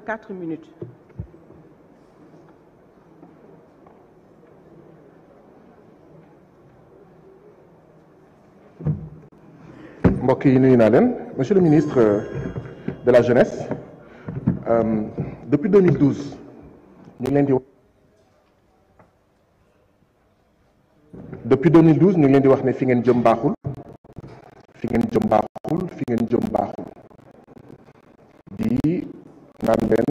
pour quatre minutes. mbokk yi nuyu naa leen monsieur le ministre euh, de la jeunesse euh, depuis 2012 ñu ngi leen di. depuis 2012 ñu ngi leen di wax ne fi ngeen jëm baaxul ngeen jëm fi ngeen jëm baaxul di naan leen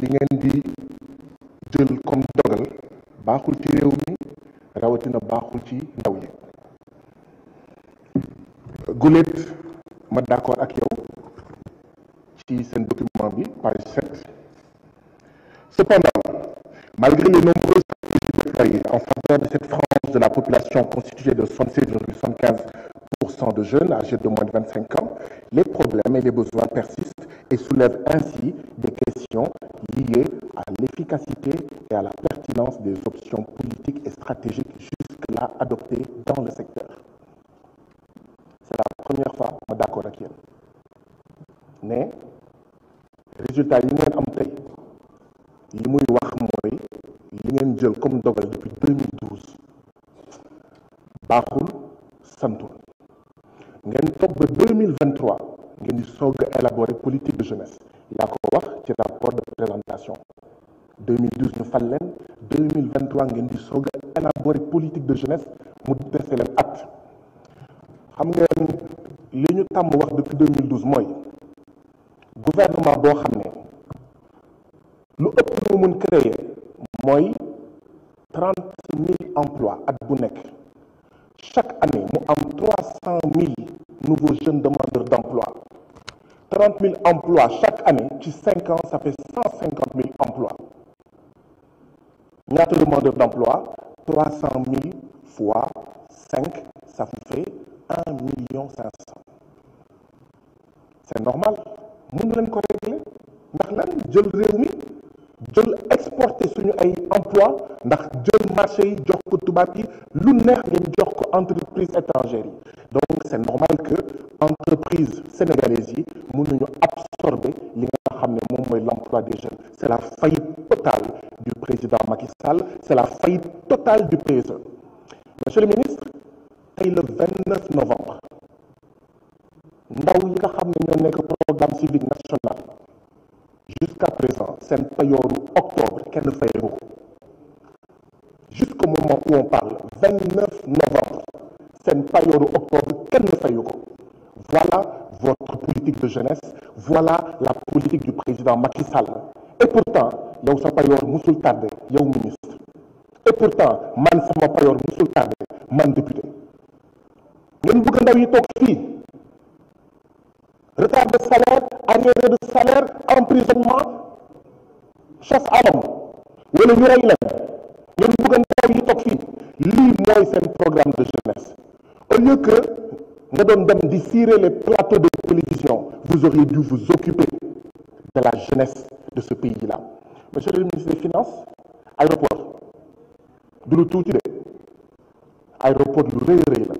li ngeen di jël comme dogal baaxul ci réew mi rawatina baaxul ci ndaw yi guléet ma d'accord ak yow sen seen document bi page sept cependant malgré les nombreuses stratégies déployées en faveur de cette frange de la population constituée de de jeunes âgés de moins de 25 ans les problèmes et les besoins persistent et soulève ainsi des questions liées à l'efficacité et à la pertinence des options politiques et stratégiques jusque-là adoptées dans le secteur. C'est la première fois ma d'accord ak yéen résultat yi ngeen am tey yi muy comme dogal depuis 2012 baaxul santul ngeen toog ngeen di soog a élaborer politique de jeunesse yaa ko wax ci rapport de présentation 2012 ñu ngeen di soog a élaborer politique de jeunesse mu dese leen at xam ngeen li ñu tàmm wax depuis mooy gouvernement boo xam ne lu ëpp lu mu mën créer mooy emplois at bu nekk chaque année mu am trois nouveaux jeunes demandeurs d'emploi 30 000 emplois chaque année ci 5 ans ça fait 150 000 emplois ñaata demandeur d'emploi 300 000 fois 5 ça fait 1 million 500 c'est normal mënu leen ko régler ndax lan jël jël exporté suñu ay emploi ndax jël marché yi jox ko tubaab lu neex ngeen jox ko entreprise étrangère yi donc c'est normal que entreprise sénégalaise yi mënuñu absorber li nga xam ne moom mooy l'emploi des jeunes c'est la faillite totale du président Macky Sall c'est la faillite totale du PSE monsieur le ministre tey le 29 novembre ndaw yi nga xam ne programme civique national jusqu'à présent seen payooru octobre kenn fayewu ko jusqu'au moment où on parle vingt neuf novembre seen payooru octobre kenn fayu ko voilà votre politique de jeunesse voilà la politique du président Macky et pourtant yow sa payoor musul tardé yow ministre et pourtant man sama payoor musul tardé man député ngeen bëgg ndaw yi retard de salaire arriéré de salaire emprisonnement chasse à l'homme wala ñu rey leen ngeen bëgg ndaw yi toog fii programme de jeunesse au lieu que nga doon dem di les plateaux de télévision vous auriez dû vous occuper de la jeunesse de ce pays là monsieur le ministre des finances aéroport du lu tuuti de aéroport lu rëy rëy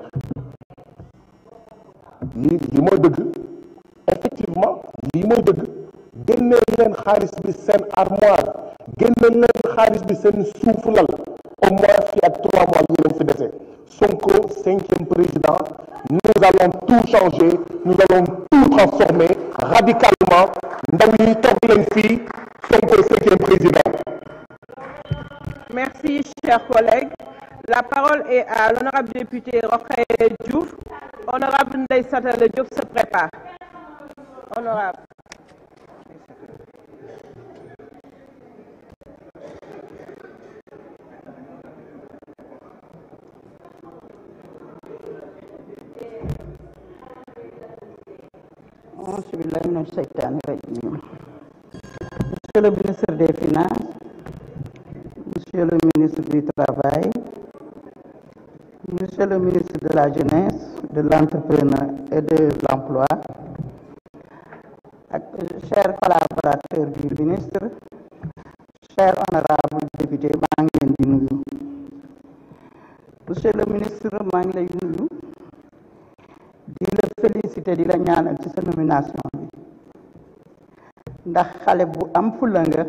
lii li mooy dëgg effectivement lii mooy dëgg génneel armoire génneel leen xaalis bi au moins fii ak trois mois yu cinquième président nous allons tout changer nous allons tout transformer radicalement ndaw yi toog leen fii cinquième président. Honorable Ndeye Satta Le Diop se prépare. Honorable. Monsieur le ministre des Finances, Monsieur le ministre du Travail, Monsieur le ministre de la Jeunesse, de l'entrepreneur et de l'emploi ak chers collaborateurs du ministre chers honorables députés maa ngi leen di nuyu monsieur le ministre maa ngi lay nuyu di la féliciter di la ñaanal ci sa nomination bi ndax xale bu am fulla nga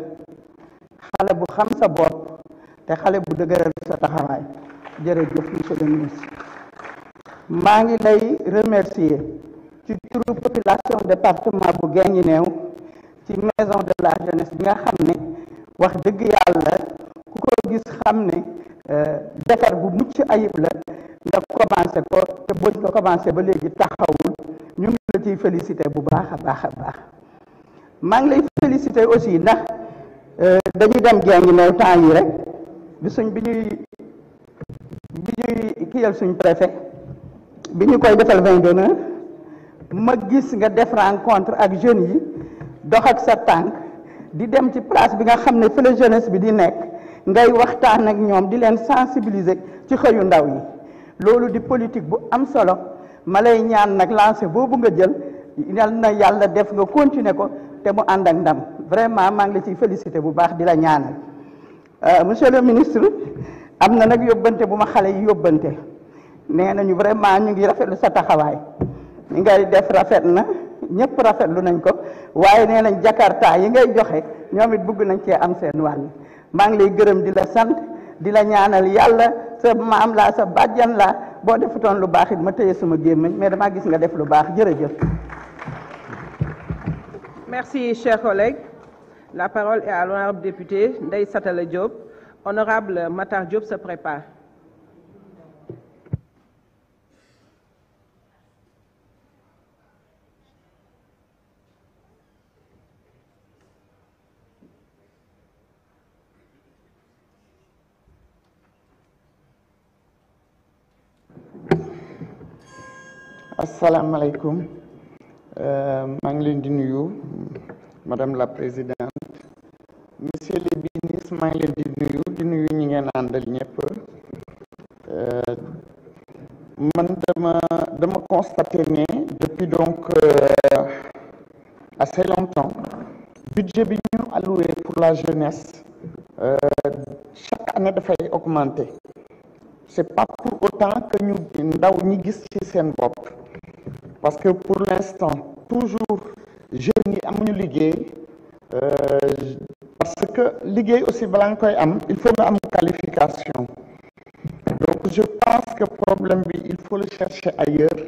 xale bu xam sa bopp te xale bu dëgëral sa taxawaay jërëjëf monsieur le ministre maa ngi lay remercier ci turu population département bu Guinguinéo ci maison de la jeunesse bi nga xam ne wax dëgg yàlla ku ko gis xam ne euh, defar bu mucc ayib la nga commencé ko te buñ ko commencé ba léegi taxawul ñu ngi la ciy félicité bu baax a baax a baax maa ngi lay félicité aussi ndax euh, dañu dem Guinguinéo temps yi rek bi suñ bi ñuy bi ñuy kiyal suñ préfet bi ñu koy defal vin d'honneur ma gis nga def rencontre ak jeunes yi dox ak sa tànk di dem ci place bi nga xam ne fële jeunesse bi di nekk ngay waxtaan ak ñoom di leen sensibiliser ci xëyu ndaw yi loolu di politique bu am solo ma lay ñaan nag lancé boobu nga jël yal na yàlla def nga continuer ko te mu ànd ak ndam vraiment maa ngi la ciy félicité bu baax di la ñaanal euh, monsieur le ministre am na nag yóbbante bu ma xale yi yóbbante nee nañu vraiment ñu ngi rafetlu sa taxawaay li ngay def rafet na ñëpp lu nañ ko waaye nee nañ jakarta yi ngay joxe ñoom it bëgg nañ cee am seen wàll maa ngi lay gërëm di la sant di la ñaanal yàlla sa maam laa sa bàjjan laa boo defutoon lu baax it ma téye suma gémmiñ mais damaa gis nga def lu baax jër a chers collègues. La parole est à l'honorable député Ndeye Satala Diop. Honorable Matar Diop se asalaamaaleykum euh, maa ngi leen di nuyu madame la président monsieur le ministre maa ngi leen di nuyu di nuyu ñi ngeen àndal ñëpp euh, man dama dama constaté ne depuis donc euh, assez longtemps bi ñu alloué pour la jeunesse chaque année dafay augmenter c'est pas pour autant que ñu ndaw ñi gis ci seen bopp parce que pour l'instant toujours jeunes yi amuñu liggéey euh, parce que liggéey aussi balaa nga koy am il faut qualification donc je pense que problème bi il faut le chercher ailleurs